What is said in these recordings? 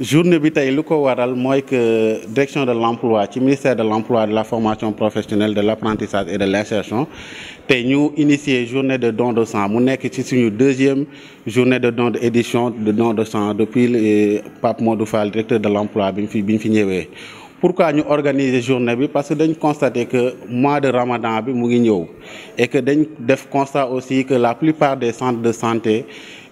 journée bi tay lu waral moy que direction de l'emploi ci ministère de l'emploi de la formation professionnelle de l'apprentissage et de l'insertion tay ñu initier journée de don de sang mu nekk ci deuxième journée de don de de don de sang depuis eh, Pape Modou Fall directeur de l'emploi biñ fi pourquoi ñu organiser journée bi parce que nous constatons que le mois de ramadan est mu et que nous constatons aussi que la plupart des centres de santé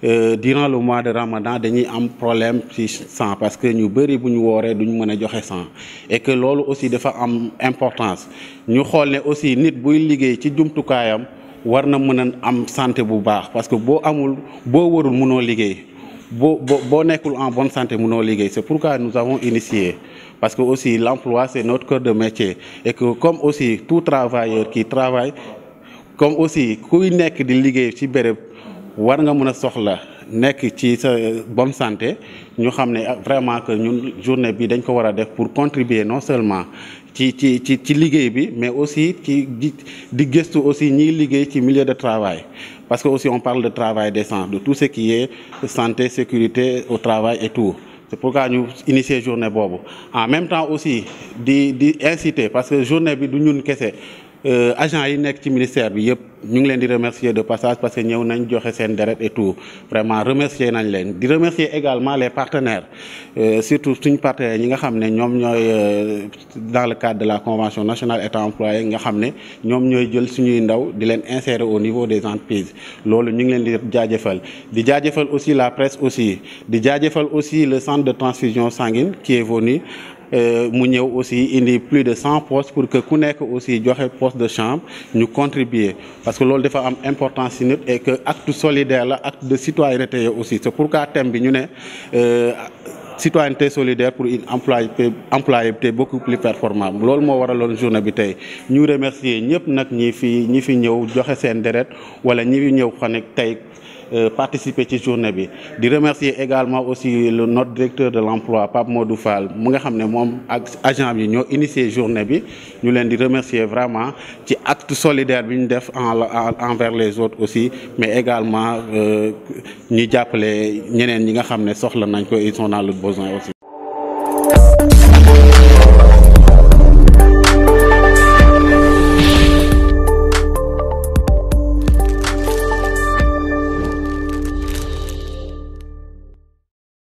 euh, durant le mois de ramadan ont des problèmes de sang parce que nous sommes bu ñu de duñ sang et que a aussi une am importance ñu aussi aussi nit buy liggéey ci jumtukaayam war de mën am santé bu baax parce que si amul bo warul mëno liggéey bo Nous nekul en bonne santé mëno liggéey c'est pourquoi nous avons initié parce que aussi l'emploi, c'est notre cœur de métier. Et que comme aussi tout travailleur qui travaille, comme aussi kuy nek di liggéey ci béréb war nga mëna sa euh, bonne santé nous xamné ah, vraiment que nous journée bi dañ ko pour contribuer non seulement ci ci ci mais aussi ci di aussi milieu de travail parce que aussi on parle de travail décent de tout ce qui est santé sécurité au travail et tout c'est pourquoi ñu initier journée bobo en même temps aussi d'inciter, parce que journée bi du ñun kessé euh, agent yi nek ci ministère bi yëpp ñu ngi leen di remercier de passage parce que ñew nañ joxe seen deret et tout vraiment remercier nañ leen di remercier également les partenaires euh, surtout suñu partenaires ñi nga xam ne ñoom euh, dans le cadre de la convention nationale état employé nga xam ne ñoom jël suñuy ndaw di leen insérer au niveau des entreprises loolu ñu ngi leen di jaajëfal di jaajëfal aussi la presse aussi di jaajëfal aussi le centre de transfusion sanguine qui est venu euh, mu ñëw aussi indi plus de 100 postes pour que ku aussi joxe poste de chambre nous contribuer parce que loolu dafa am importance c'est et que acte solidaire la acte de citoyenneté aussi c'est pourquoi thème bi ñu né euh, citoyenneté solidaire pour une employabilité beaucoup plus performante loolu moo waraloon journée bi tay ñu remercier ñep nak ñi fi ñi fi ñëw joxe sen deret wala ñi fi euh, participer ci journée bi di également aussi le notre directeur de l'emploi Pape Modou Fall mu nga xam agent bi ñoo initier journée bi ñu remercions vraiment ci acte solidaire bi ñu def envers les autres aussi mais également euh, ñu jàppale ñeneen ñi nga soxla ils sont dans besoin aussi